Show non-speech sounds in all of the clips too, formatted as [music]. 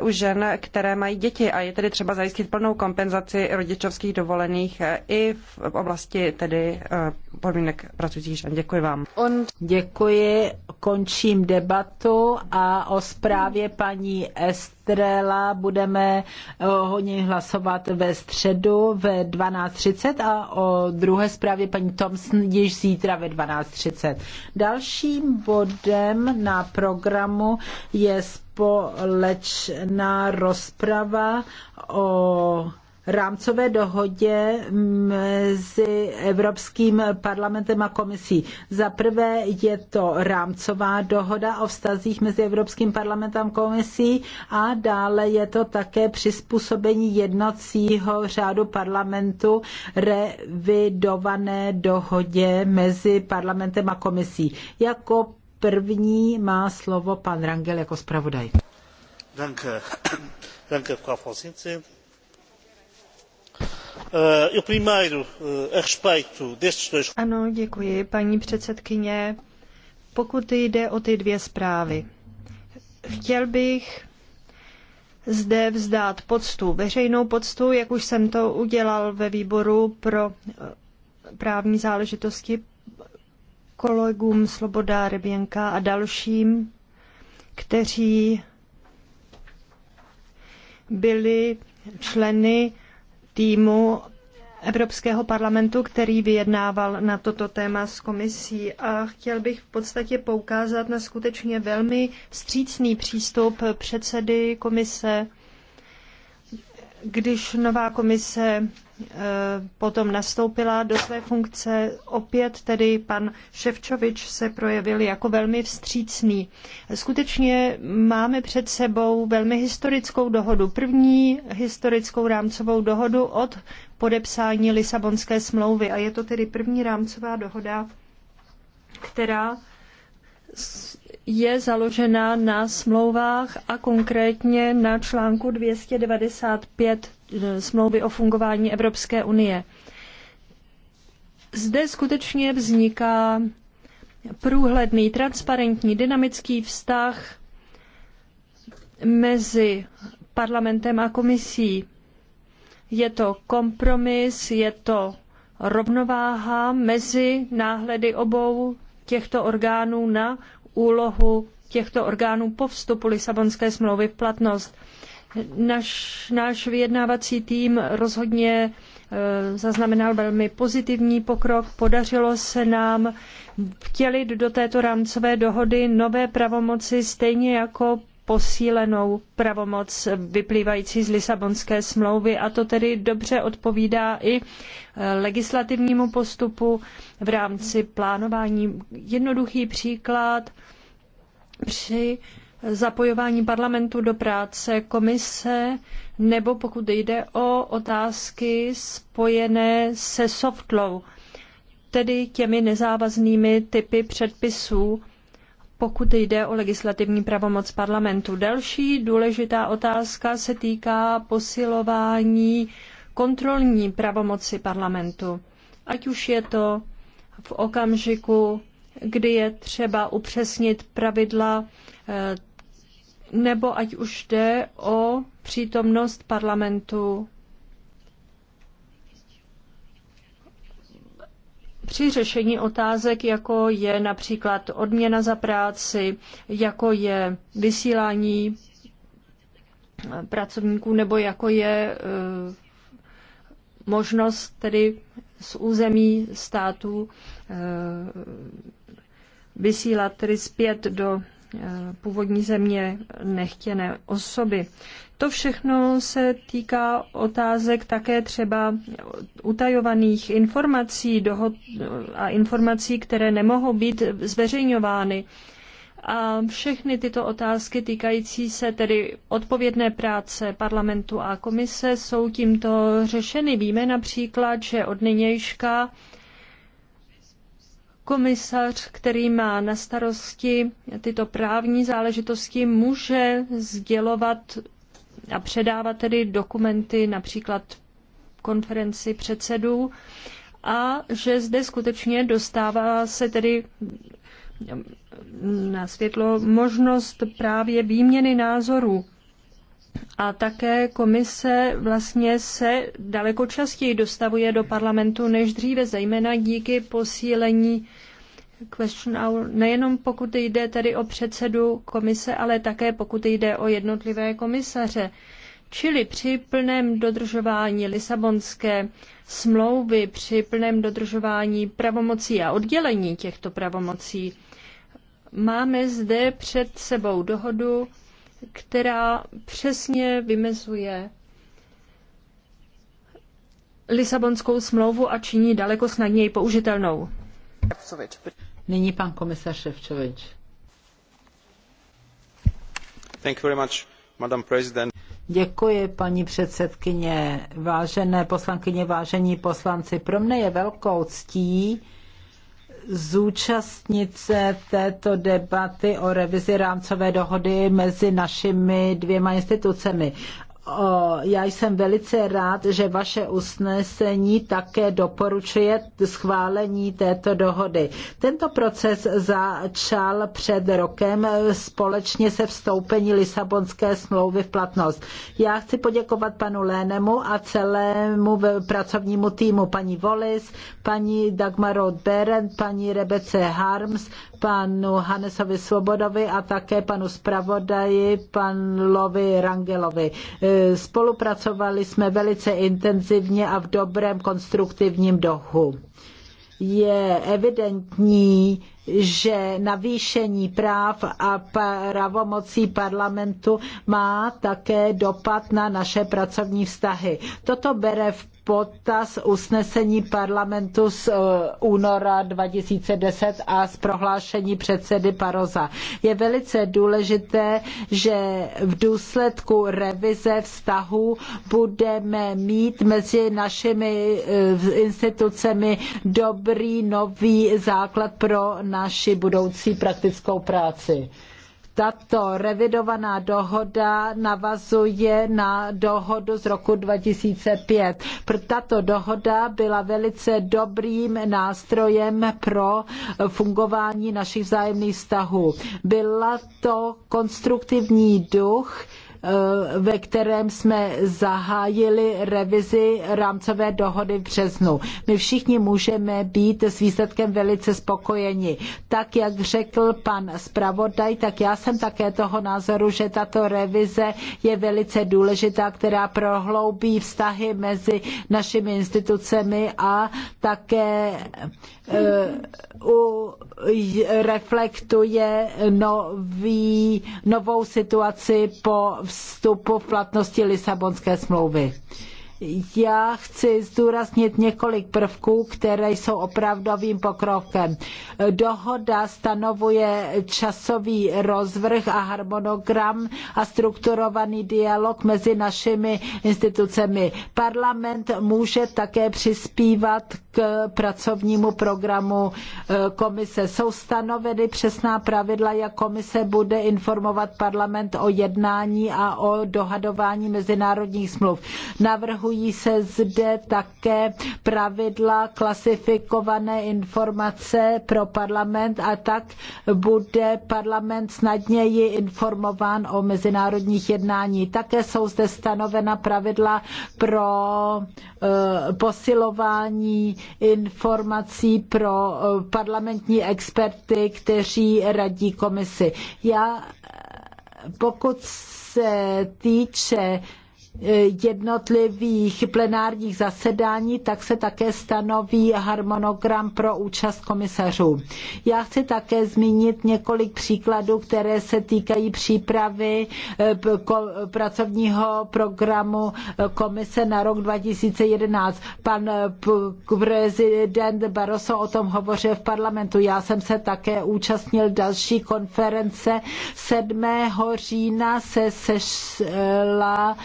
u žen, které mají děti a je tedy třeba zajistit plnou kompenzaci rodičovských dovolených eh, i v oblasti tedy eh, podmínek pracujících žen. Děkuji vám. On... Děkuji, končím debatu a o zprávě paní Estrela budeme eh, hodně hlasovat ve středu ve 12.30 a o druhé zprávě paní Thompson již zítra ve 12.30. Dalším bodem na programu je společná rozprava o rámcové dohodě mezi Evropským parlamentem a komisí. Za prvé je to rámcová dohoda o vztazích mezi Evropským parlamentem a komisí a dále je to také přizpůsobení jednacího řádu parlamentu revidované dohodě mezi parlamentem a komisí. Jako první má slovo pan Rangel jako zpravodaj. Danke. [coughs] Frau Vorsitzende. Eh, eh, a Ano, děkuji, paní předsedkyně. Pokud jde o ty dvě zprávy, chtěl bych zde vzdát poctu, veřejnou poctu, jak už jsem to udělal ve výboru pro eh, právní záležitosti, kolegům Sloboda Reběnka a dalším, kteří byli členy týmu Evropského parlamentu, který vyjednával na toto téma s komisí. A chtěl bych v podstatě poukázat na skutečně velmi vstřícný přístup předsedy komise, když nová komise Eh, potom nastoupila do své funkce. Opět tedy pan Ševčovič se projevil jako velmi vstřícný. Skutečně máme před sebou velmi historickou dohodu. První historickou rámcovou dohodu od podepsání Lisabonské smlouvy. A je to tedy první rámcová dohoda, která je založena na smlouvách a konkrétně na článku 295 E, smlouvy o fungování Evropské unie. Zde skutečně vzniká průhledný, transparentní, dynamický vztah mezi parlamentem a komisí. Je to kompromis, je to rovnováha mezi náhledy obou těchto orgánů na úlohu těchto orgánů po vstupu Lisabonské smlouvy v platnost. Naš, náš vyjednávací tým rozhodně e, zaznamenal velmi pozitivní pokrok. Podařilo se nám vtělit do této rámcové dohody nové pravomoci, stejně jako posílenou pravomoc vyplývající z Lisabonské smlouvy a to tedy dobře odpovídá i e, legislativnímu postupu v rámci plánování. Jednoduchý příklad při zapojování parlamentu do práce komise, nebo pokud jde o otázky spojené se soft law, tedy těmi nezávaznými typy předpisů, pokud jde o legislativní pravomoc parlamentu. Další důležitá otázka se týká posilování kontrolní pravomoci parlamentu. Ať už je to v okamžiku, kdy je třeba upřesnit pravidla eh, nebo ať už jde o přítomnost parlamentu při řešení otázek, jako je například odměna za práci, jako je vysílání pracovníků, nebo jako je e, možnost tedy z území států e, vysílat tedy zpět do Eh, původní země nechtěné osoby. To všechno se týká otázek také třeba utajovaných informací dohod a informací, které nemohou být zveřejňovány. A všechny tyto otázky týkající se tedy odpovědné práce parlamentu a komise jsou tímto řešeny. Víme například, že od nynějška komisař, který má na starosti tyto právní záležitosti, může sdělovat a předávat tedy dokumenty například konferenci předsedů a že zde skutečně dostává se tedy na světlo možnost právě výměny názorů a také komise vlastně se daleko častěji dostavuje do parlamentu než dříve, zejména díky posílení question hour, nejenom pokud jde tedy o předsedu komise, ale také pokud jde o jednotlivé komisaře. Čili při plném dodržování Lisabonské smlouvy, při plném dodržování pravomocí a oddělení těchto pravomocí, máme zde před sebou dohodu, která přesně vymezuje Lisabonskou smlouvu a činí daleko snadněji použitelnou. Nyní pan komisař Ševčovič. Thank you very much, Madam President. Děkuji, paní předsedkyně. Vážené poslankyně, vážení poslanci, pro mne je velkou ctí, zúčastnit se této debaty o revizi rámcové dohody mezi našimi dvěma institucemi já jsem velice rád, že vaše usnesení také doporučuje schválení této dohody. Tento proces začal před rokem společně se vstoupení Lisabonské smlouvy v platnost. Já chci poděkovat panu Lénemu a celému pracovnímu týmu paní Volis, paní Dagmar Roth Berend, paní Rebece Harms, panu Hanesovi Svobodovi a také panu zpravodaji, pan Lovi Rangelovi. E, spolupracovali jsme velice intenzivně a v dobrém konstruktivním dohu. Je evidentní, že navýšení práv a pravomocí parlamentu má také dopad na naše pracovní vztahy. Toto bere v potaz usnesení parlamentu z eh, února 2010 a z prohlášení předsedy Paroza. Je velice důležité, že v důsledku revize vztahu budeme mít mezi našimi eh, institucemi dobrý nový základ pro naši budoucí praktickou práci. Tato revidovaná dohoda navazuje na dohodu z roku 2005. Tato dohoda byla velice dobrým nástrojem pro fungování našich vzájemných vztahů. Byla to konstruktivní duch, Eh, ve kterém jsme zahájili revizi rámcové dohody v březnu. My všichni můžeme být s výsledkem velice spokojeni. Tak, jak řekl pan zpravodaj, tak já jsem také toho názoru, že tato revize je velice důležitá, která prohloubí vztahy mezi našimi institucemi a také eh, u, reflektuje nový, novou situaci po vstupu v platnosti Lisabonské smlouvy. Já chci zdůraznit několik prvků, které jsou opravdovým pokrokem. Dohoda stanovuje časový rozvrh a harmonogram a strukturovaný dialog mezi našimi institucemi. Parlament může také přispívat k pracovnímu programu e, komise. Jsou stanoveny přesná pravidla, jak komise bude informovat parlament o jednání a o dohadování mezinárodních smluv. Navrhují se zde také pravidla klasifikované informace pro parlament a tak bude parlament snadněji informován o mezinárodních jednání. Také jsou zde stanovena pravidla pro e, posilování informací pro eh, parlamentní experty, kteří radí komisi. Já pokud se týče jednotlivých plenárních zasedání, tak se také stanoví harmonogram pro účast komisařů. Já chci také zmínit několik příkladů, které se týkají přípravy eh, pracovního programu eh, komise na rok 2011. Pan eh, prezident Barroso o tom hovořil v parlamentu. Já jsem se také účastnil další konference 7. října se sešla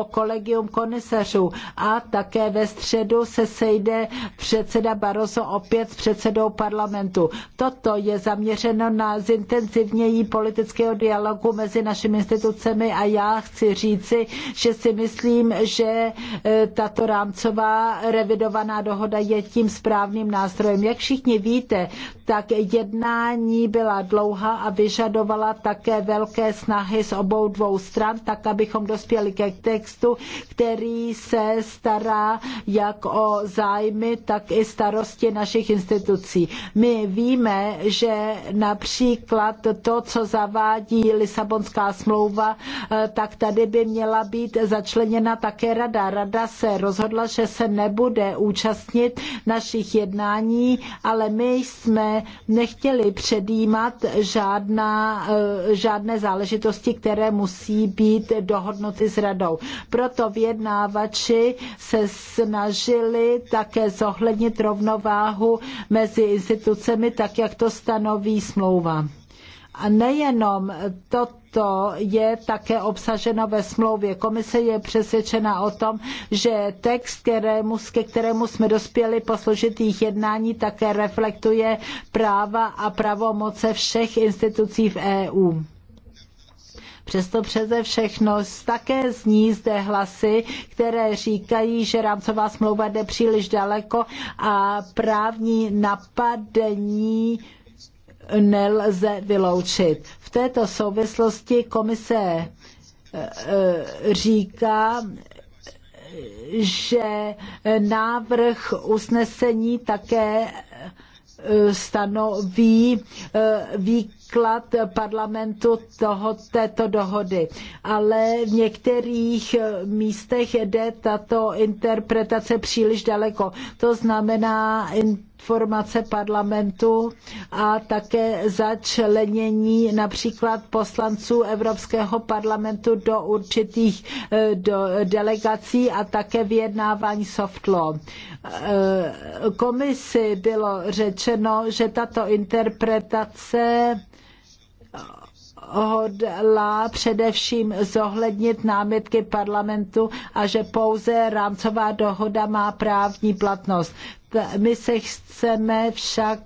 o kolegium komisařů a také ve středu se sejde předseda Barroso opět s předsedou parlamentu. Toto je zaměřeno na zintenzivnění politického dialogu mezi našimi institucemi a já chci říci, že si myslím, že e, tato rámcová revidovaná dohoda je tím správným nástrojem. Jak všichni víte, tak jednání byla dlouhá a vyžadovala také velké snahy z obou dvou stran, tak abychom dospěli ke textu, který se stará jak o zájmy, tak i starosti našich institucí. My víme, že například to, co zavádí Lisabonská smlouva, eh, tak tady by měla být začleněna také rada. Rada se rozhodla, že se nebude účastnit našich jednání, ale my jsme nechtěli předjímat žádná, eh, žádné záležitosti, které musí být dohodnuty s radou. Proto vyjednávači se snažili také zohlednit rovnováhu mezi institucemi, tak jak to stanoví smlouva. A nejenom toto je také obsaženo ve smlouvě. Komise je přesvědčena o tom, že text, kterému, ke kterému jsme dospěli po složitých jednání, také reflektuje práva a pravomoce všech institucí v EU. Přesto přeze všechno také zní zde hlasy, které říkají, že rámcová smlouva jde příliš daleko a právní napadení nelze vyloučit. V této souvislosti komise eh, eh, říká, že návrh usnesení také eh, stanoví výklad parlamentu toho, této dohody. Ale v některých místech jde tato interpretace příliš daleko. To znamená, informace parlamentu a také začlenění například poslanců Evropského parlamentu do určitých eh, do delegací a také vyjednávání soft law. Eh, komisi bylo řečeno, že tato interpretace hodlá především zohlednit námitky parlamentu a že pouze rámcová dohoda má právní platnost. My se chceme však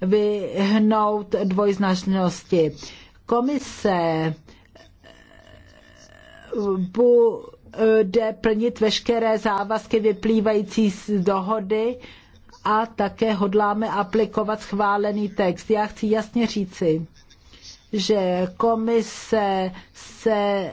vyhnout dvojznačnosti. Komise eh, bude plnit veškeré závazky vyplývající z dohody a také hodláme aplikovat schválený text. Já chci jasně říci, že komise se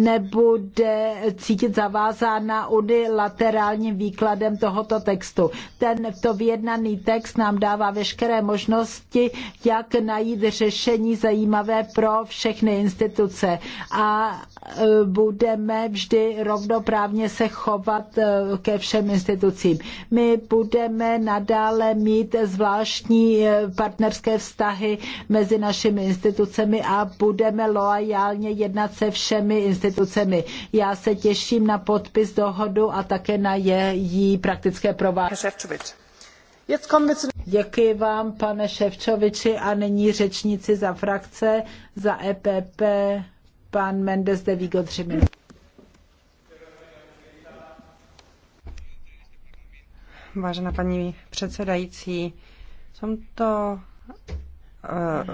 nebude cítit zavázána unilaterálním výkladem tohoto textu. Ten to vyjednaný text nám dává veškeré možnosti, jak najít řešení zajímavé pro všechny instituce. A e, budeme vždy rovnoprávně se chovat e, ke všem institucím. My budeme nadále mít zvláštní e, partnerské vztahy mezi našimi institucemi a budeme loajálně jednat se všemi institucemi institucemi. Já se těším na podpis dohodu a také na její praktické provádění. Děkuji vám, pane Ševčoviči, a nyní řečníci za frakce, za EPP, pan Mendes de Vigo, tři minuty. Vážená paní předsedající, v tomto eh,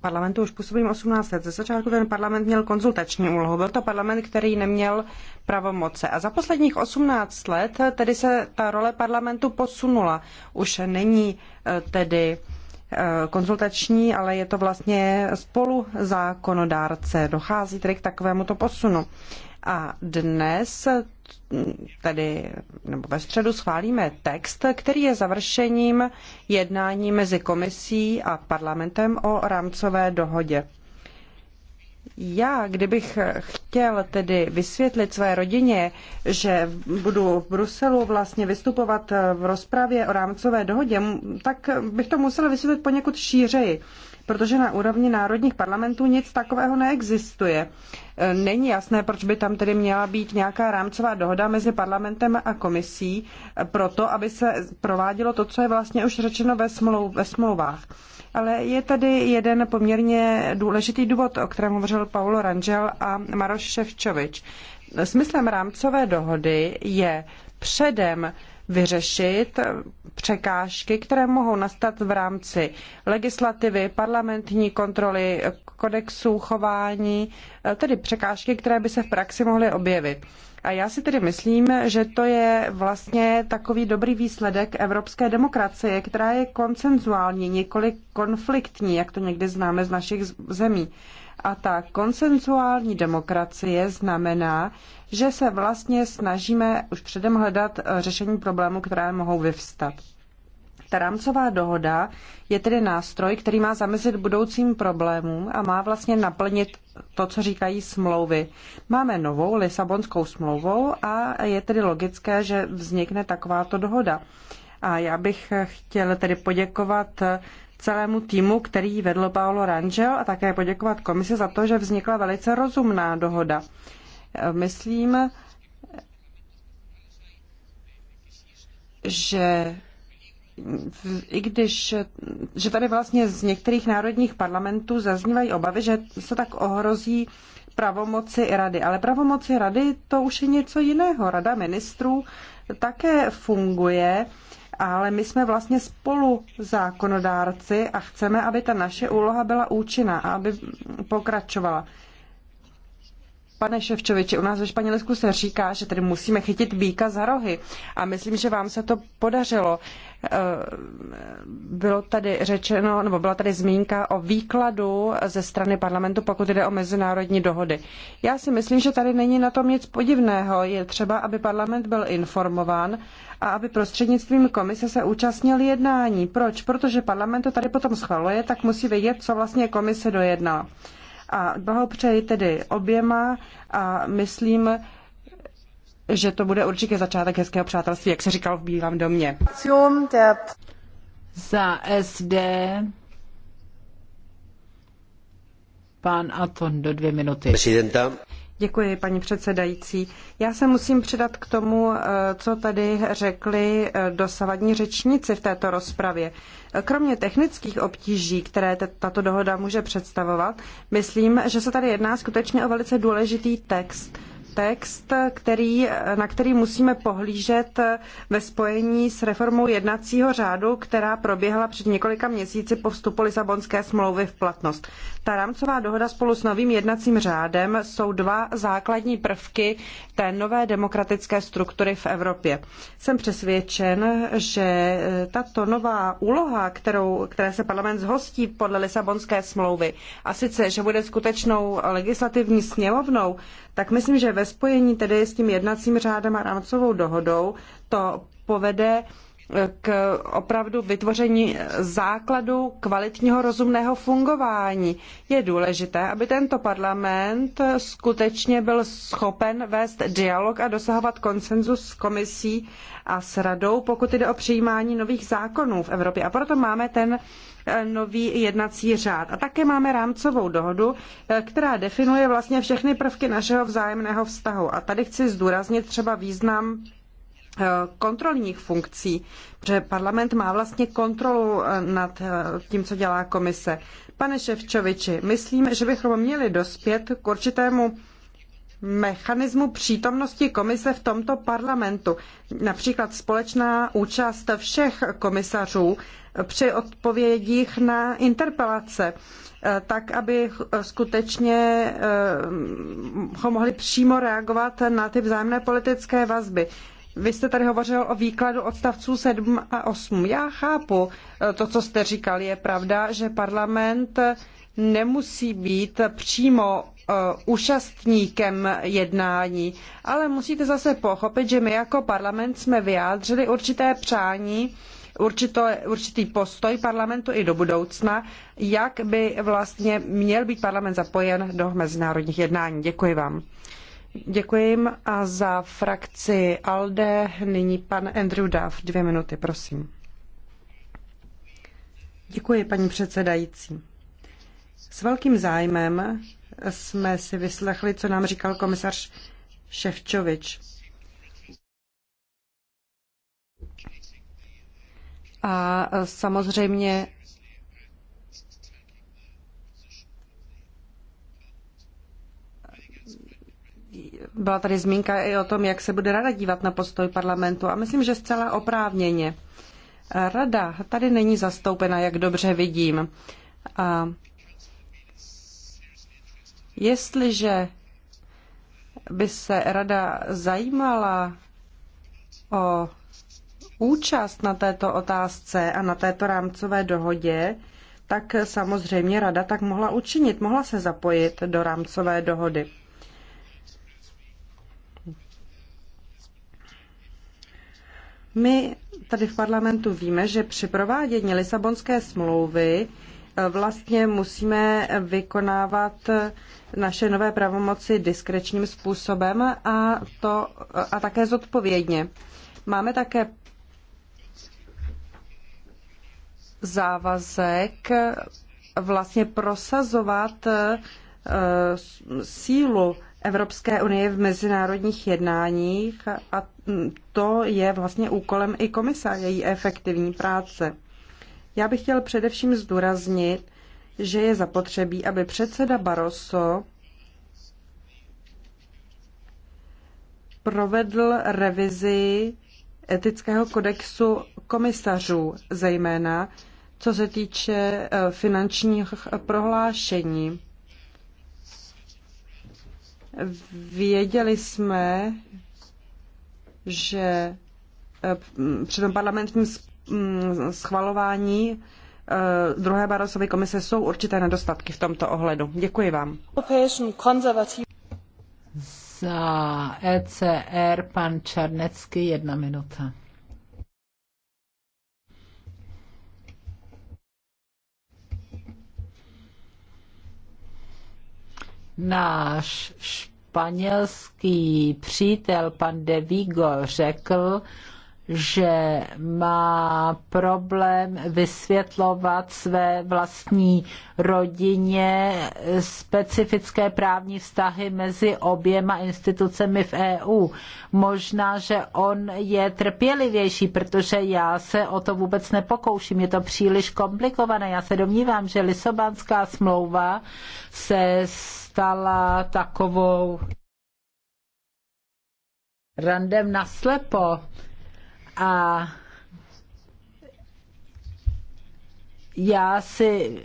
parlamentu už působím 18 let. Ze začátku ten parlament měl konzultační úlohu. Byl to parlament, který neměl pravomoce. A za posledních 18 let tedy se ta role parlamentu posunula. Už není eh, tedy eh, konzultační, ale je to vlastně spolu zákonodárce. Dochází tedy k takovému to posunu. A dnes tedy nebo ve středu schválíme text, který je završením jednání mezi komisí a parlamentem o rámcové dohodě. Já, kdybych chtěl tedy vysvětlit své rodině, že budu v Bruselu vlastně vystupovat v rozpravě o rámcové dohodě, tak bych to musel vysvětlit poněkud šířeji protože na úrovni národních parlamentů nic takového neexistuje. E, není jasné, proč by tam tedy měla být nějaká rámcová dohoda mezi parlamentem a komisí, e, proto aby se provádělo to, co je vlastně už řečeno ve, smlou, ve smlouvách. Ale je tady jeden poměrně důležitý důvod, o kterém hovořil Paulo Rangel a Maroš Ševčovič. E, smyslem rámcové dohody je předem vyřešit překážky, které mohou nastat v rámci legislativy, parlamentní kontroly, kodexů chování, eh, tedy překážky, které by se v praxi mohly objevit. A já si tedy myslím, že to je vlastně takový dobrý výsledek evropské demokracie, která je koncenzuální, nikoli konfliktní, jak to někdy známe z našich zemí. A ta konsenzuální demokracie znamená, že se vlastně snažíme už předem hledat eh, řešení problémů, které mohou vyvstat. Ta rámcová dohoda je tedy nástroj, který má zamezit budoucím problémům a má vlastně naplnit to, co říkají smlouvy. Máme novou Lisabonskou smlouvou a je tedy logické, že vznikne takováto dohoda. A já bych chtěl tedy poděkovat celému týmu, který vedl Paolo Rangel a také poděkovat komisi za to, že vznikla velice rozumná dohoda. Myslím, že i když, že tady vlastně z některých národních parlamentů zaznívají obavy, že se tak ohrozí pravomoci rady. Ale pravomoci rady to už je něco jiného. Rada ministrů také funguje ale my jsme vlastně spolu zákonodárci a chceme, aby ta naše úloha byla účinná a aby pokračovala. Pane Ševčoviči, u nás ve Španělsku se říká, že tedy musíme chytit býka za rohy. A myslím, že vám se to podařilo. Eh, bylo tady řečeno, nebo byla tady zmínka o výkladu ze strany parlamentu, pokud jde o mezinárodní dohody. Já si myslím, že tady není na tom nic podivného. Je třeba, aby parlament byl informován a aby prostřednictvím komise se účastnil jednání. Proč? Protože parlament to tady potom schvaluje, tak musí vědět, co vlastně komise dojednala. A blahopřeji tedy oběma a myslím, že to bude určitě začátek hezkého přátelství, jak se říkal v Bílém domě. Za SD pan Aton do dvě minuty. Prezidenta. Děkuji, paní předsedající. Já se musím přidat k tomu, eh, co tady řekli eh, dosavadní řečníci v této rozpravě. Kromě technických obtíží, které tato dohoda může představovat, myslím, že se tady jedná skutečně o velice důležitý text text, který, na který musíme pohlížet ve spojení s reformou jednacího řádu, která proběhla před několika měsíci po vstupu Lisabonské smlouvy v platnost. Ta rámcová dohoda spolu s novým jednacím řádem jsou dva základní prvky té nové demokratické struktury v Evropě. Jsem přesvědčen, že tato nová úloha, kterou, které se parlament zhostí podle Lisabonské smlouvy, a sice, že bude skutečnou legislativní sněmovnou, tak myslím, že ve spojení tedy s tím jednacím řádem a rámcovou dohodou to povede eh, k opravdu vytvoření eh, základu kvalitního rozumného fungování. Je důležité, aby tento parlament eh, skutečně byl schopen vést dialog a dosahovat konsenzus s komisí a s radou, pokud jde o přijímání nových zákonů v Evropě. A proto máme ten Eh, nový jednací řád. A také máme rámcovou dohodu, eh, která definuje vlastně všechny prvky našeho vzájemného vztahu. A tady chci zdůraznit třeba význam eh, kontrolních funkcí, protože parlament má vlastně kontrolu nad tím, co dělá komise. Pane Ševčoviči, myslím, že bychom měli dospět k určitému mechanismu přítomnosti komise v tomto parlamentu. Například společná účast všech komisařů při odpovědích na interpelace, eh, tak aby skutečně eh, ho mohli přímo reagovat na ty vzájemné politické vazby. Vy jste tady hovořil o výkladu odstavců 7 a 8. Já chápu eh, to, co jste říkal. Je pravda, že parlament nemusí být přímo Eh, účastníkem jednání, ale musíte zase pochopit, že my jako parlament jsme vyjádřili určité přání, určito, určitý postoj parlamentu i do budoucna, jak by vlastně měl být parlament zapojen do mezinárodních jednání. Děkuji vám. Děkuji a za frakci ALDE nyní pan Andrew Duff. Dvě minuty, prosím. Děkuji, paní předsedající. S velkým zájmem jsme si vyslechli, co nám říkal komisař Ševčovič. A samozřejmě byla tady zmínka i o tom, jak se bude rada dívat na postoj parlamentu a myslím, že zcela oprávněně. Rada tady není zastoupena, jak dobře vidím. A Jestliže by se rada zajímala o účast na této otázce a na této rámcové dohodě, tak samozřejmě rada tak mohla učinit, mohla se zapojit do rámcové dohody. My tady v parlamentu víme, že při provádění Lisabonské smlouvy vlastně musíme vykonávat naše nové pravomoci diskrečním způsobem a, to, a také zodpovědně. Máme také závazek vlastně prosazovat eh, sílu Evropské unie v mezinárodních jednáních a hm, to je vlastně úkolem i komisa, její efektivní práce. Já bych chtěl především zdůraznit, že je zapotřebí, aby předseda Barroso provedl revizi etického kodexu komisařů, zejména co se týče eh, finančních prohlášení. Věděli jsme, že eh, při tom parlamentním Mm, schvalování eh, druhé Barosovy komise jsou určité nedostatky v tomto ohledu. Děkuji vám. Za ECR pan Čarnecký, jedna minuta. Náš španělský přítel pan De Vigo řekl, že má problém vysvětlovat své vlastní rodině specifické právní vztahy mezi oběma institucemi v EU. Možná, že on je trpělivější, protože já se o to vůbec nepokouším. Je to příliš komplikované. Já se domnívám, že Lisabonská smlouva se stala takovou randem naslepo. A já si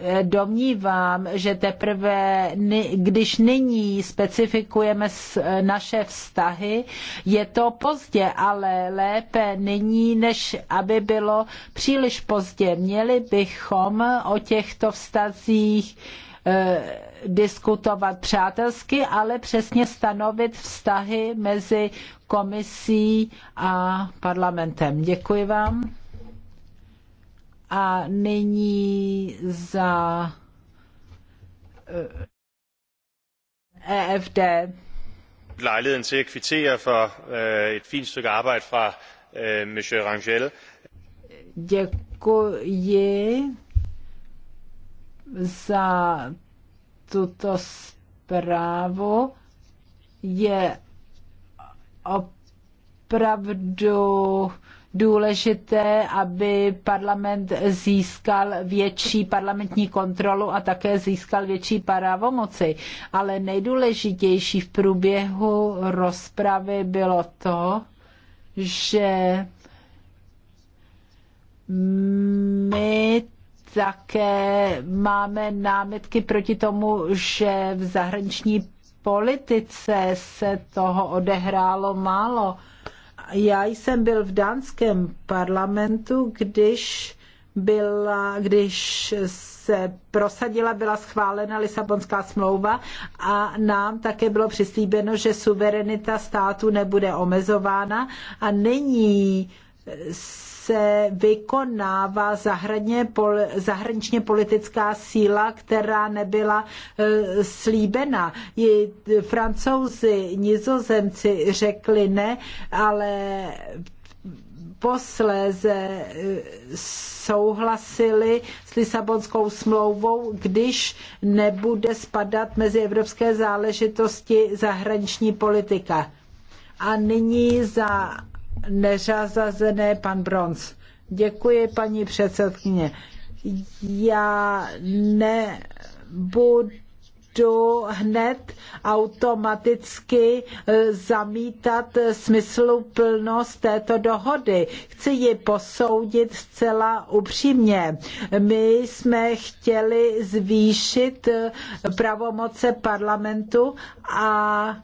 eh, domnívám, že teprve, když nyní specifikujeme eh, naše vztahy, je to pozdě, ale lépe nyní, než aby bylo příliš pozdě. Měli bychom o těchto vztazích eh, diskutovat přátelsky, ale přesně stanovit vztahy mezi komisí a parlamentem. Děkuji vám. A nyní za EFD. Eh, e Lejligheden til at kvittere for eh, et fint stykke arbejde fra eh, Monsieur Rangel. Děkuji za tuto zprávu. Je opravdu důležité, aby parlament získal větší parlamentní kontrolu a také získal větší parávomoci. Ale nejdůležitější v průběhu rozpravy bylo to, že my také máme námitky proti tomu, že v zahraniční politice se toho odehrálo málo. Já jsem byl v dánském parlamentu, když byla, když se prosadila, byla schválena Lisabonská smlouva a nám také bylo přislíbeno, že suverenita státu nebude omezována a nyní se vykonává zahradně, pol, zahraničně politická síla, která nebyla e, slíbena. I francouzi, nizozemci řekli ne, ale posléze e, souhlasili s Lisabonskou smlouvou, když nebude spadat mezi evropské záležitosti zahraniční politika. A nyní za neřazazené pan Bronz. Děkuji, paní předsedkyně. Já nebudu hned automaticky eh, zamítat smysluplnost této dohody. Chci ji posoudit zcela upřímně. My jsme chtěli zvýšit eh, pravomoce parlamentu a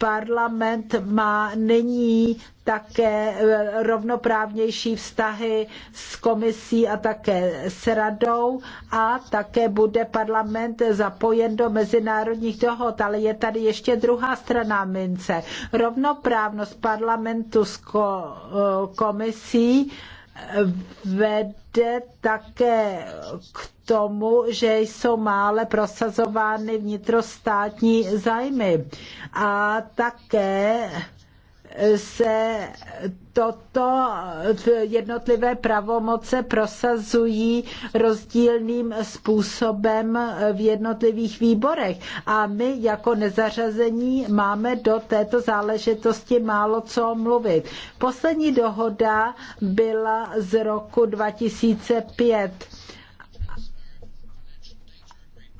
parlament má nyní také eh, rovnoprávnější vztahy s komisí a také s radou a také bude parlament zapojen do mezinárodních dohod, ale je tady ještě druhá strana mince. Rovnoprávnost parlamentu s eh, komisí vede také k tomu, že jsou mále prosazovány vnitrostátní zájmy. A také se toto jednotlivé pravomoce prosazují rozdílným způsobem v jednotlivých výborech. A my jako nezařazení máme do této záležitosti málo co mluvit. Poslední dohoda byla z roku 2005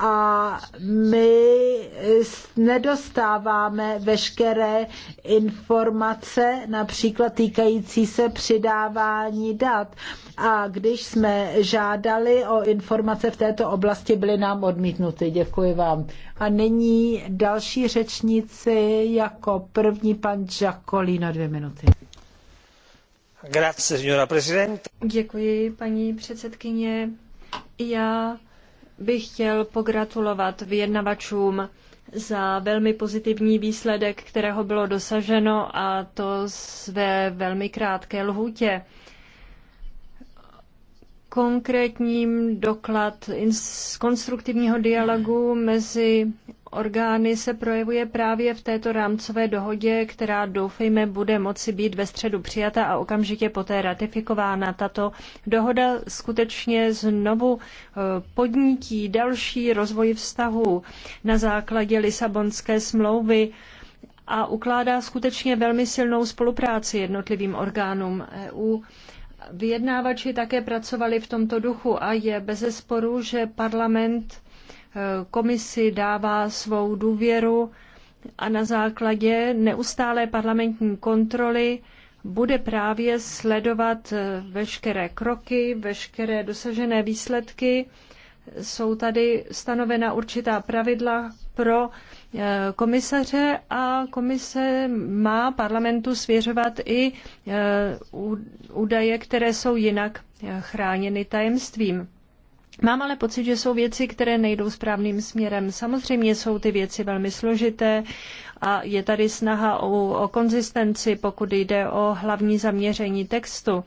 a my nedostáváme veškeré informace, například týkající se přidávání dat. A když jsme žádali o informace v této oblasti, byly nám odmítnuty. Děkuji vám. A nyní další řečníci jako první pan Žakolí na dvě minuty. Grazie, signora Děkuji, paní předsedkyně. Já bych chtěl pogratulovat vyjednavačům za velmi pozitivní výsledek, kterého bylo dosaženo a to ve velmi krátké lhůtě konkrétním doklad z konstruktivního dialogu mezi orgány se projevuje právě v této rámcové dohodě, která doufejme bude moci být ve středu přijata a okamžitě poté ratifikována. Tato dohoda skutečně znovu eh, podnítí další rozvoj vztahů na základě Lisabonské smlouvy a ukládá skutečně velmi silnou spolupráci jednotlivým orgánům EU Vyjednávači také pracovali v tomto duchu a je bez zesporu, že parlament eh, komisi dává svou důvěru a na základě neustálé parlamentní kontroly bude právě sledovat eh, veškeré kroky, veškeré dosažené výsledky. Jsou tady stanovena určitá pravidla pro Eh, komisaře a komise má parlamentu svěřovat i eh, údaje, které jsou jinak eh, chráněny tajemstvím. Mám ale pocit, že jsou věci, které nejdou správným směrem. Samozřejmě jsou ty věci velmi složité a je tady snaha o, o konzistenci, pokud jde o hlavní zaměření textu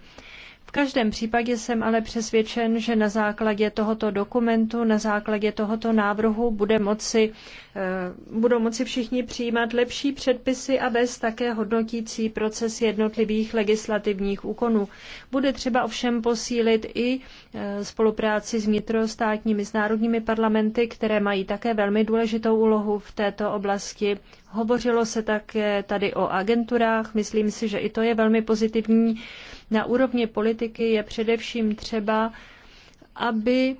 každém případě jsem ale přesvědčen, že na základě tohoto dokumentu, na základě tohoto návrhu bude moci, eh, budou moci všichni přijímat lepší předpisy a bez také hodnotící proces jednotlivých legislativních úkonů. Bude třeba ovšem posílit i eh, spolupráci s vnitrostátními, s národními parlamenty, které mají také velmi důležitou úlohu v této oblasti. Hovořilo se také tady o agenturách, myslím si, že i to je velmi pozitivní na úrovni politiky je především třeba, aby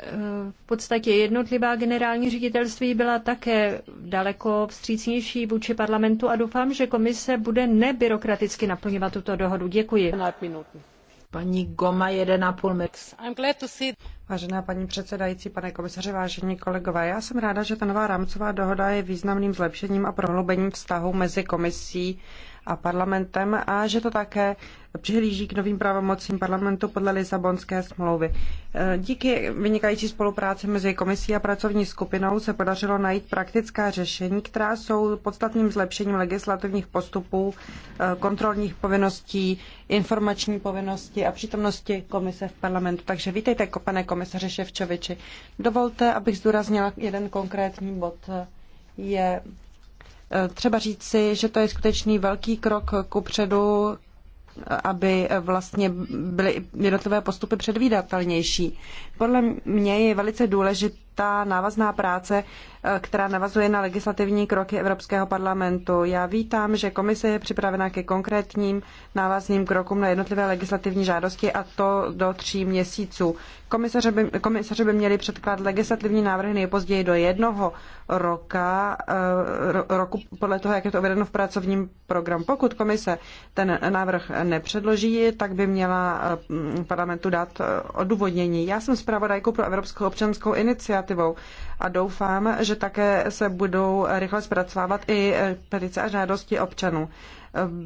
eh, v podstatě jednotlivá generální ředitelství byla také daleko vstřícnější vůči parlamentu a doufám, že komise bude nebyrokraticky naplňovat tuto dohodu. Děkuji. Paní Goma, 1,5 minut. Vážená paní předsedající, pane komisaři, vážení kolegové, já jsem ráda, že ta nová rámcová dohoda je významným zlepšením a prohloubením vztahu mezi komisí a parlamentem a že to také přihlíží k novým pravomocím parlamentu podle Lisabonské smlouvy. E, díky vynikající spolupráci mezi komisí a pracovní skupinou se podařilo najít praktická řešení, která jsou podstatným zlepšením legislativních postupů, e, kontrolních povinností, informační povinnosti a přítomnosti komise v parlamentu. Takže vítejte, pane komisaře Ševčoviči. Dovolte, abych zdůraznila jeden konkrétní bod. E, je Třeba říci, že to je skutečný velký krok ku předu, aby vlastně byly jednotlivé postupy předvídatelnější. Podle mě je velice důležité, ta návazná práce, eh, která navazuje na legislativní kroky Evropského parlamentu. Já vítám, že komise je připravena ke konkrétním návazným krokům na jednotlivé legislativní žádosti a to do tří měsíců. Komisaře by, komisaře by měli předkládat legislativní návrhy nejpozději do jednoho roka, eh, roku podle toho, jak je to uvedeno v pracovním programu. Pokud komise ten návrh nepředloží, tak by měla eh, parlamentu dát odůvodnění. Já jsem zpravodajkou pro Evropskou občanskou iniciativu iniciativou. A doufám, že také se budou rychle zpracovávat i eh, petice a žádosti občanů.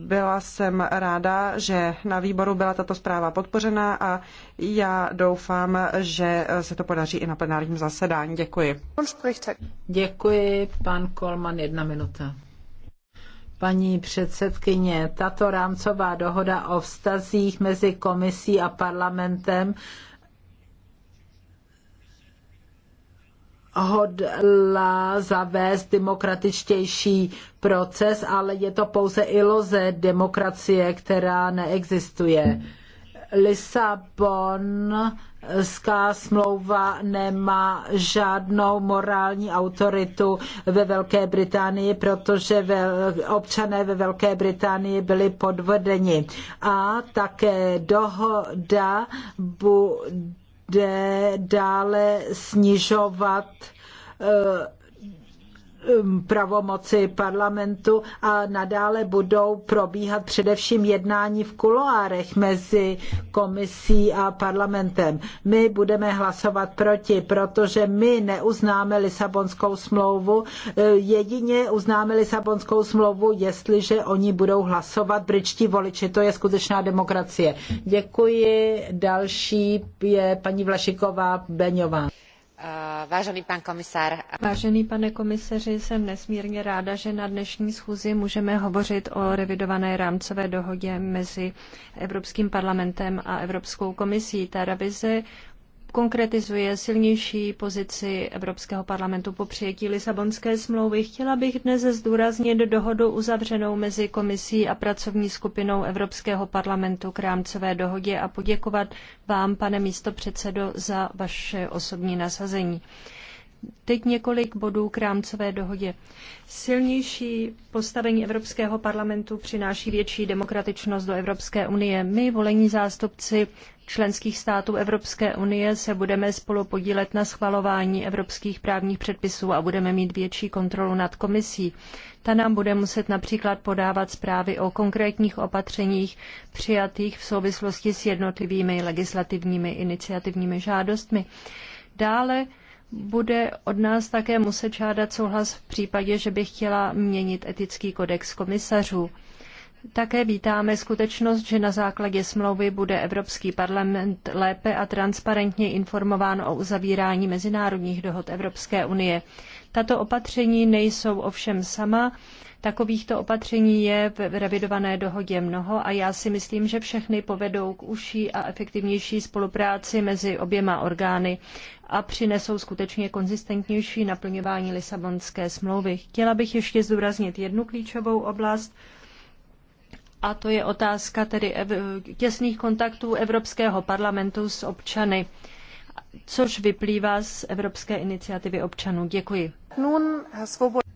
Byla jsem ráda, že na výboru byla tato zpráva podpořena a já doufám, že eh, se to podaří i na plenárním zasedání. Děkuji. Děkuji, pan Kolman, jedna minuta. Paní předsedkyně, tato rámcová dohoda o vztazích mezi komisí a parlamentem hodlá zavést demokratičtější proces, ale je to pouze iluze demokracie, která neexistuje. Lisabonská smlouva nemá žádnou morální autoritu ve Velké Británii, protože občané ve Velké Británii byli podvedeni. A také dohoda bude jde dále snižovat eh, Um, pravomoci parlamentu a nadále budou probíhat především jednání v kuloárech mezi komisí a parlamentem. My budeme hlasovat proti, protože my neuznáme Lisabonskou smlouvu. Eh, jedině uznáme Lisabonskou smlouvu, jestliže oni budou hlasovat britští voliči. To je skutečná demokracie. Děkuji. Další je paní Vlašiková Beňová. Eh, eh, vážený pane komisaři, jsem nesmírně ráda, že na dnešní schůzi můžeme hovořit o revidované rámcové dohodě mezi Evropským parlamentem a Evropskou komisí. Ta revize konkretizuje silnější pozici Evropského parlamentu po přijetí Lisabonské smlouvy. Chtěla bych dnes zdůraznit dohodu uzavřenou mezi komisí a pracovní skupinou Evropského parlamentu k rámcové dohodě a poděkovat vám, pane místopředsedo, za vaše osobní nasazení teď několik bodů k rámcové dohodě. Silnější postavení Evropského parlamentu přináší větší demokratičnost do Evropské unie. My, volení zástupci členských států Evropské unie, se budeme spolu podílet na schvalování evropských právních předpisů a budeme mít větší kontrolu nad komisí. Ta nám bude muset například podávat zprávy o konkrétních opatřeních přijatých v souvislosti s jednotlivými legislativními iniciativními žádostmi. Dále bude od nás také muset žádat souhlas v případě, že by chtěla měnit etický kodex komisařů. Také vítáme skutečnost, že na základě smlouvy bude Evropský parlament lépe a transparentně informován o uzavírání mezinárodních dohod Evropské unie. Tato opatření nejsou ovšem sama, Takovýchto opatření je v revidované dohodě mnoho a já si myslím, že všechny povedou k užší a efektivnější spolupráci mezi oběma orgány a přinesou skutečně konzistentnější naplňování Lisabonské smlouvy. Chtěla bych ještě zdůraznit jednu klíčovou oblast, a to je otázka tedy těsných kontaktů Evropského parlamentu s občany což vyplývá z Evropské iniciativy občanů. Děkuji.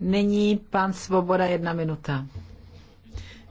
Není pan Svoboda jedna minuta.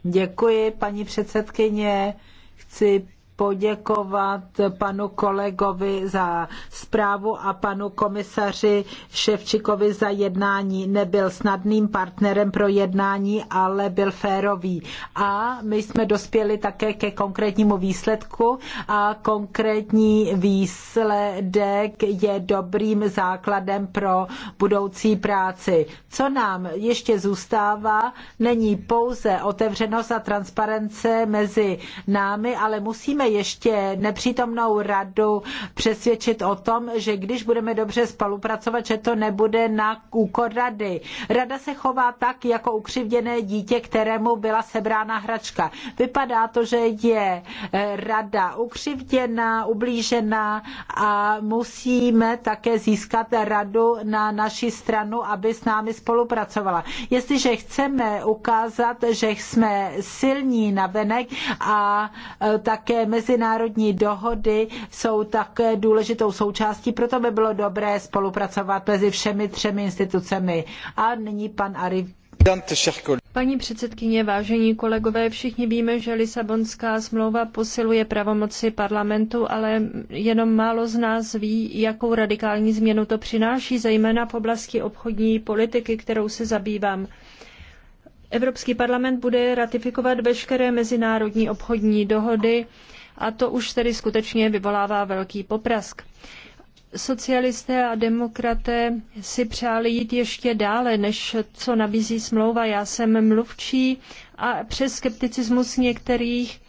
Děkuji, paní předsedkyně. Chci poděkovat panu kolegovi za zprávu a panu komisaři Ševčikovi za jednání. Nebyl snadným partnerem pro jednání, ale byl férový. A my jsme dospěli také ke konkrétnímu výsledku a konkrétní výsledek je dobrým základem pro budoucí práci. Co nám ještě zůstává, není pouze otevřenost a transparence mezi námi, ale musíme ještě nepřítomnou radu přesvědčit o tom, že když budeme dobře spolupracovat, že to nebude na úkor rady. Rada se chová tak, jako ukřivděné dítě, kterému byla sebrána hračka. Vypadá to, že je eh, rada ukřivděná, ublížená a musíme také získat radu na naši stranu, aby s námi spolupracovala. Jestliže chceme ukázat, že jsme silní navenek a eh, také mezinárodní dohody jsou také důležitou součástí, proto by bylo dobré spolupracovat mezi všemi třemi institucemi. A nyní pan Ari. Paní předsedkyně, vážení kolegové, všichni víme, že Lisabonská smlouva posiluje pravomoci parlamentu, ale jenom málo z nás ví, jakou radikální změnu to přináší, zejména v oblasti obchodní politiky, kterou se zabývám. Evropský parlament bude ratifikovat veškeré mezinárodní obchodní dohody, a to už tedy skutečně vyvolává velký poprask. Socialisté a demokraté si přáli jít ještě dále, než co nabízí smlouva. Já jsem mluvčí a přes skepticismus některých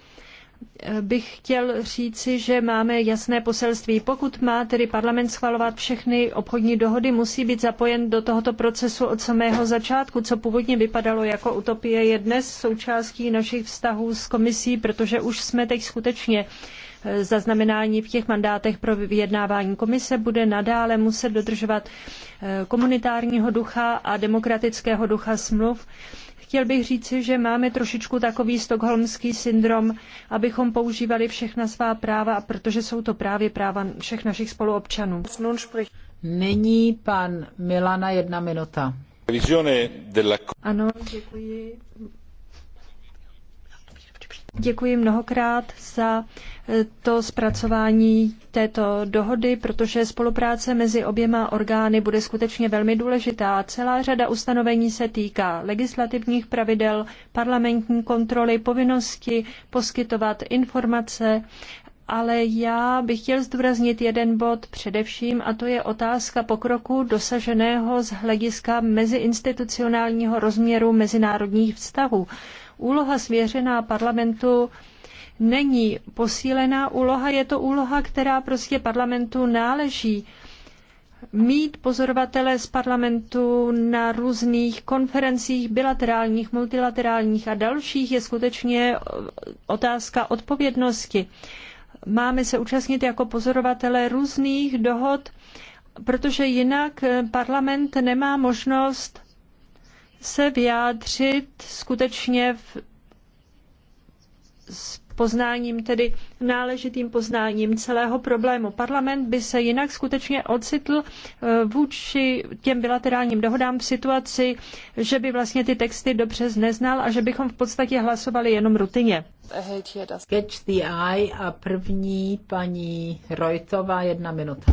bych chtěl říci, že máme jasné poselství. Pokud má tedy parlament schvalovat všechny obchodní dohody, musí být zapojen do tohoto procesu od samého začátku, co původně vypadalo jako utopie, je dnes součástí našich vztahů s komisí, protože už jsme teď skutečně eh, zaznamenání v těch mandátech pro vyjednávání komise bude nadále muset dodržovat eh, komunitárního ducha a demokratického ducha smluv Chtěl bych říci, že máme trošičku takový stokholmský syndrom, abychom používali všechna svá práva, protože jsou to právě práva všech našich spoluobčanů. Nyní pan Milana jedna minuta. Ano, děkuji. Děkuji mnohokrát za eh, to zpracování této dohody, protože spolupráce mezi oběma orgány bude skutečně velmi důležitá. Celá řada ustanovení se týká legislativních pravidel, parlamentní kontroly, povinnosti poskytovat informace ale já bych chtěl zdůraznit jeden bod především, a to je otázka pokroku dosaženého z hlediska meziinstitucionálního rozměru mezinárodních vztahů úloha svěřená parlamentu není posílená úloha, je to úloha, která prostě parlamentu náleží. Mít pozorovatele z parlamentu na různých konferencích bilaterálních, multilaterálních a dalších je skutečně otázka odpovědnosti. Máme se účastnit jako pozorovatele různých dohod, protože jinak parlament nemá možnost se vyjádřit skutečně v, s poznáním, tedy náležitým poznáním celého problému. Parlament by se jinak skutečně ocitl eh, vůči těm bilaterálním dohodám v situaci, že by vlastně ty texty dobře neznal a že bychom v podstatě hlasovali jenom rutině. Catch the eye a první paní Rojtová jedna minuta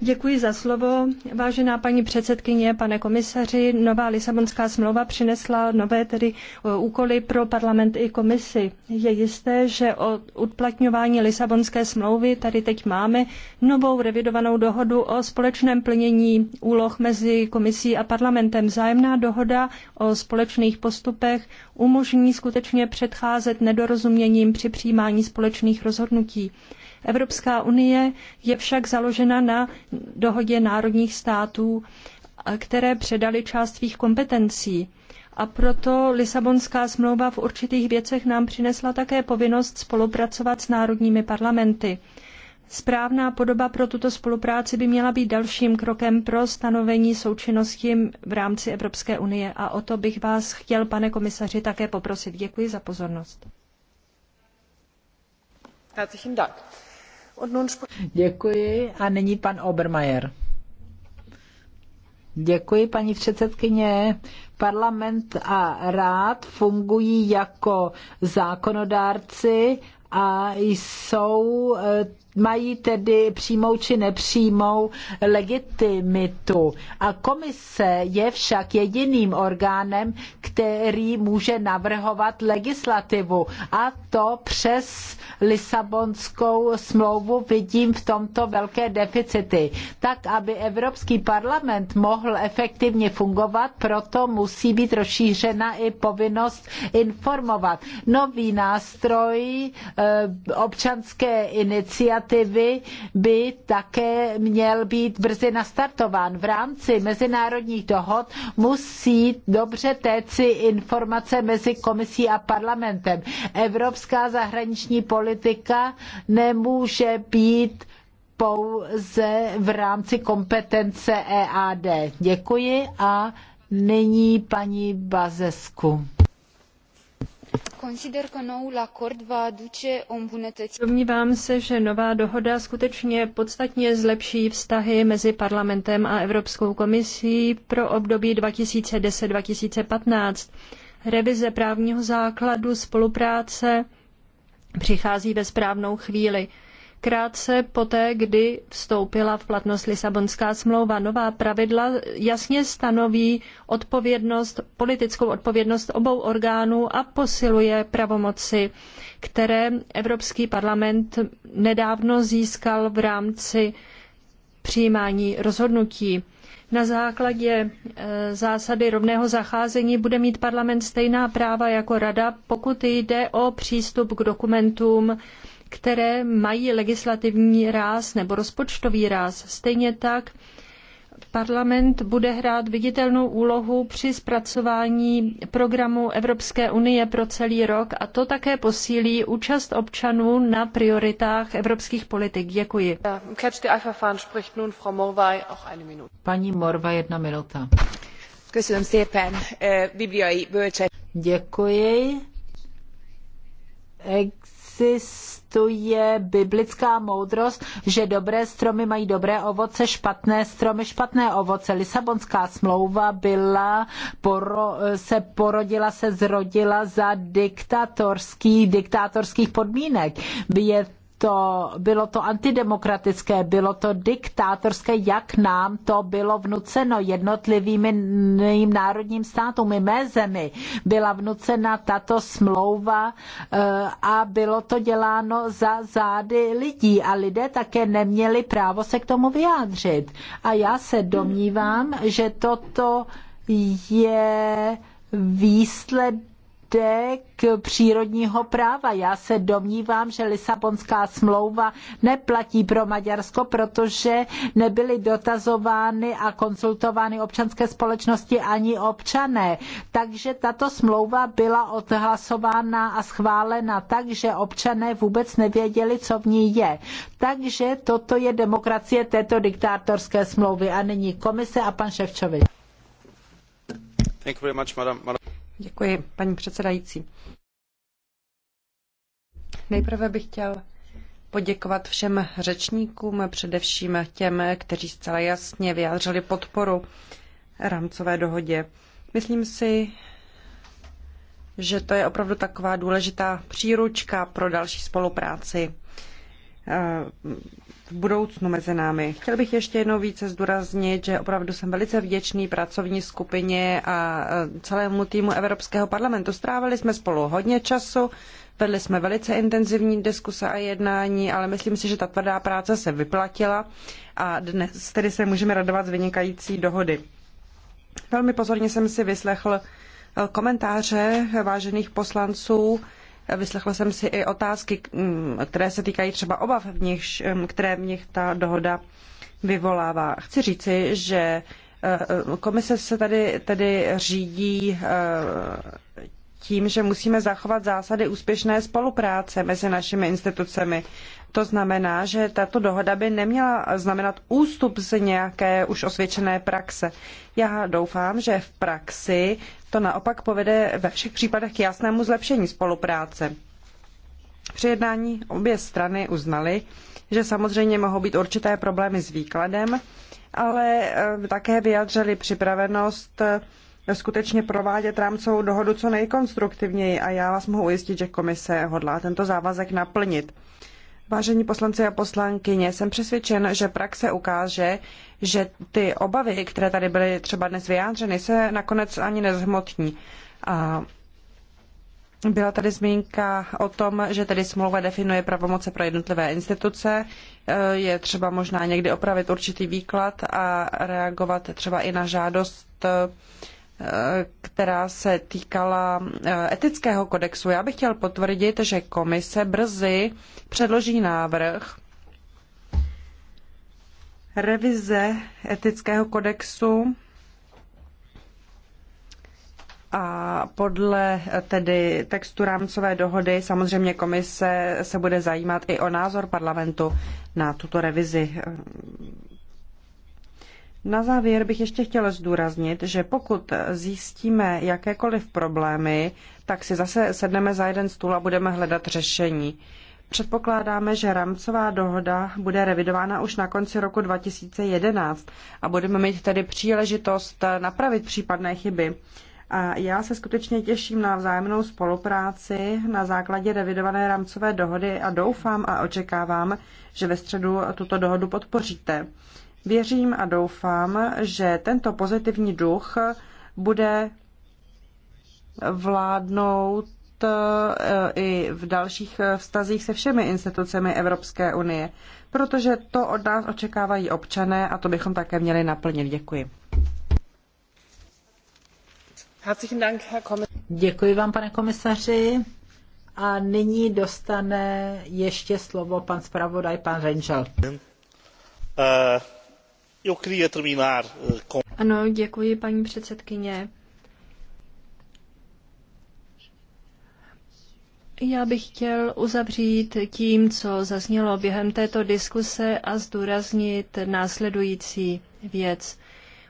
Děkuji za slovo. Vážená paní předsedkyně, pane komisaři, nová Lisabonská smlouva přinesla nové tedy eh, úkoly pro parlament i komisi. Je jisté, že o uplatňování Lisabonské smlouvy tady teď máme novou revidovanou dohodu o společném plnění úloh mezi komisí a parlamentem. Zájemná dohoda o společných postupech umožní skutečně předcházet nedorozuměním při přijímání společných rozhodnutí. Evropská unie je však založena na dohodě národních států, které předali část svých kompetencí. A proto Lisabonská smlouva v určitých věcech nám přinesla také povinnost spolupracovat s národními parlamenty. Správná podoba pro tuto spolupráci by měla být dalším krokem pro stanovení součinnosti v rámci Evropské unie a o to bych vás chtěl, pane komisaři, také poprosit. Děkuji za pozornost. Herzlichen Dank. Děkuji a nyní pan Obermajer. Děkuji, paní předsedkyně. Parlament a rád fungují jako zákonodárci a jsou eh, mají tedy přímou či nepřímou legitimitu. A komise je však jediným orgánem, který může navrhovat legislativu. A to přes Lisabonskou smlouvu vidím v tomto velké deficity. Tak, aby Evropský parlament mohl efektivně fungovat, proto musí být rozšířena i povinnost informovat. Nový nástroj eh, občanské iniciativy legislativy by také měl být brzy nastartován. V rámci mezinárodních dohod musí dobře téci informace mezi komisí a parlamentem. Evropská zahraniční politika nemůže být pouze v rámci kompetence EAD. Děkuji a nyní paní Bazesku. Consider că noul acord va aduce o Domnívám se, že nová dohoda skutečně podstatně zlepší vztahy mezi parlamentem a Evropskou komisí pro období and 2015 Revize právního základu spolupráce přichází ve správnou chvíli krátce poté, kdy vstoupila v platnost Lisabonská smlouva. Nová pravidla jasně stanoví odpovědnost, politickou odpovědnost obou orgánů a posiluje pravomoci, které Evropský parlament nedávno získal v rámci přijímání rozhodnutí. Na základě e, zásady rovného zacházení bude mít parlament stejná práva jako rada, pokud jde o přístup k dokumentům které mají legislativní ráz nebo rozpočtový ráz. Stejně tak parlament bude hrát viditelnou úlohu při zpracování programu Evropské unie pro celý rok a to také posílí účast občanů na prioritách evropských politik. Děkuji. Paní Morva, jedna minuta. Eh, Děkuji. Ex- existuje biblická moudrost, že dobré stromy mají dobré ovoce, špatné stromy špatné ovoce. Lisabonská smlouva byla, poro, se porodila, se zrodila za diktatorských, diktátorských podmínek. Je to, bylo to antidemokratické, bylo to diktátorské, jak nám to bylo vnuceno jednotlivým národním státům i mé zemi. Byla vnucena tato smlouva eh, a bylo to děláno za zády lidí a lidé také neměli právo se k tomu vyjádřit. A já se domnívám, že toto je výsledek výsledek přírodního práva. Já se domnívám, že Lisabonská smlouva neplatí pro Maďarsko, protože nebyly dotazovány a konsultovány občanské společnosti ani občané. Takže tato smlouva byla odhlasována a schválena tak, že občané vůbec nevěděli, co v ní je. Takže toto je demokracie této diktátorské smlouvy. A nyní komise a pan Ševčovič. Thank you very much, madam. Děkuji, paní předsedající. Nejprve bych chtěl poděkovat všem řečníkům, především těm, kteří zcela jasně vyjádřili podporu rámcové dohodě. Myslím si, že to je opravdu taková důležitá příručka pro další spolupráci v budoucnu mezi námi. Chtěl bych ještě jednou více zdůraznit, že opravdu jsem velice vděčný pracovní skupině a e, celému týmu Evropského parlamentu. Strávili jsme spolu hodně času, vedli jsme velice intenzivní diskuse a jednání, ale myslím si, že ta tvrdá práce se vyplatila a dnes tedy se můžeme radovat z vynikající dohody. Velmi pozorně jsem si vyslechl e, komentáře vážených poslanců Vyslechla jsem si i otázky, mm, které se týkají třeba obav, v nichž, mm, které v nich ta dohoda vyvolává. Chci říci, že eh, komise se tady, tady řídí eh, tím, že musíme zachovat zásady úspěšné spolupráce mezi našimi institucemi. To znamená, že tato dohoda by neměla znamenat ústup z nějaké už osvědčené praxe. Já doufám, že v praxi to naopak povede ve všech případech k jasnému zlepšení spolupráce. Při jednání obě strany uznaly, že samozřejmě mohou být určité problémy s výkladem, ale eh, také vyjadřili připravenost eh, skutečně provádět rámcovou dohodu co nejkonstruktivněji a já vás mohu ujistit, že komise hodlá tento závazek naplnit. Vážení poslanci a poslankyně, jsem přesvědčen, že praxe ukáže, že ty obavy, které tady byly třeba dnes vyjádřeny, se nakonec ani nezhmotní. A byla tady zmínka o tom, že tedy smlouva definuje pravomoce pro jednotlivé instituce. E, je třeba možná někdy opravit určitý výklad a reagovat třeba i na žádost která se týkala eh, etického kodexu. Já bych chtěl potvrdit, že komise brzy předloží návrh revize etického kodexu a podle eh, tedy textu rámcové dohody samozřejmě komise se bude zajímat i o názor parlamentu na tuto revizi eh, na závěr bych ještě chtěla zdůraznit, že pokud zjistíme jakékoliv problémy, tak si zase sedneme za jeden stůl a budeme hledat řešení. Předpokládáme, že rámcová dohoda bude revidována už na konci roku 2011 a budeme mít tedy příležitost napravit případné chyby. A já se skutečně těším na vzájemnou spolupráci na základě revidované rámcové dohody a doufám a očekávám, že ve středu tuto dohodu podpoříte. Věřím a doufám, že tento pozitivní duch bude vládnout eh, i v dalších vztazích se všemi institucemi Evropské unie, protože to od nás očekávají občané a to bychom také měli naplnit. Děkuji. Děkuji vám, pane komisaři. A nyní dostane ještě slovo pan zpravodaj, pan Renžel. Uh. Eh, Eh, ano, děkuji paní předsedkyně. Já bych chtěl uzavřít tím, co zaznělo během této diskuse a zdůraznit následující věc.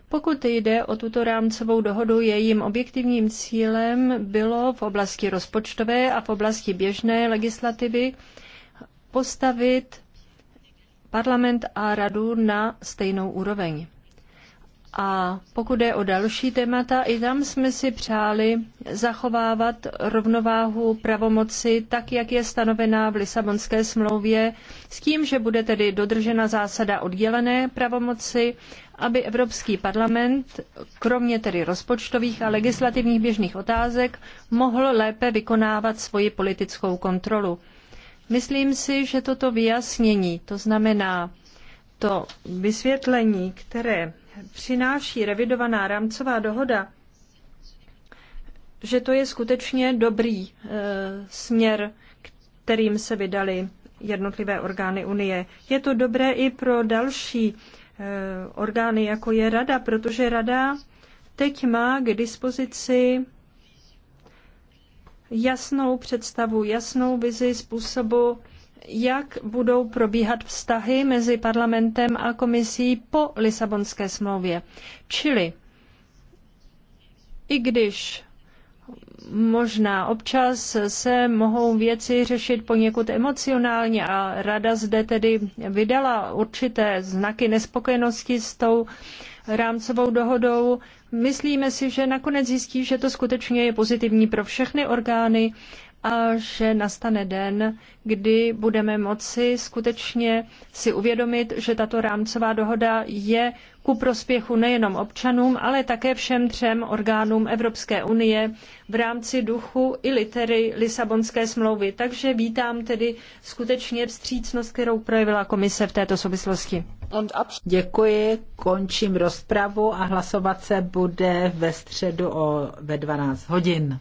Pokud jde o tuto rámcovou dohodu, jejím objektivním cílem bylo v oblasti rozpočtové a v oblasti běžné legislativy postavit parlament a radu na stejnou úroveň. A pokud je o další témata, i tam jsme si přáli zachovávat rovnováhu pravomoci tak, jak je stanovená v Lisabonské smlouvě, s tím, že bude tedy dodržena zásada oddělené pravomoci, aby Evropský parlament, kromě tedy rozpočtových a legislativních běžných otázek, mohl lépe vykonávat svoji politickou kontrolu. Myslím si, že toto vyjasnění, to znamená to vysvětlení, které přináší revidovaná rámcová dohoda, že to je skutečně dobrý e, směr, kterým se vydali jednotlivé orgány Unie. Je to dobré i pro další e, orgány, jako je Rada, protože Rada teď má k dispozici jasnou představu, jasnou vizi způsobu, jak budou probíhat vztahy mezi parlamentem a komisí po Lisabonské smlouvě. Čili i když možná občas se mohou věci řešit poněkud emocionálně a rada zde tedy vydala určité znaky nespokojenosti s tou rámcovou dohodou, myslíme si, že nakonec zjistí, že to skutečně je pozitivní pro všechny orgány a že nastane den, kdy budeme moci skutečně si uvědomit, že tato rámcová dohoda je ku prospěchu nejenom občanům, ale také všem třem orgánům Evropské unie v rámci duchu i litery Lisabonské smlouvy. Takže vítám tedy skutečně vstřícnost, kterou projevila komise v této souvislosti. Děkuji, končím rozpravu a hlasovat se bude ve středu o, ve 12 hodin.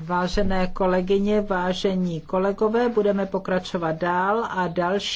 Vážené kolegyně, vážení kolegové, budeme pokračovat dál a další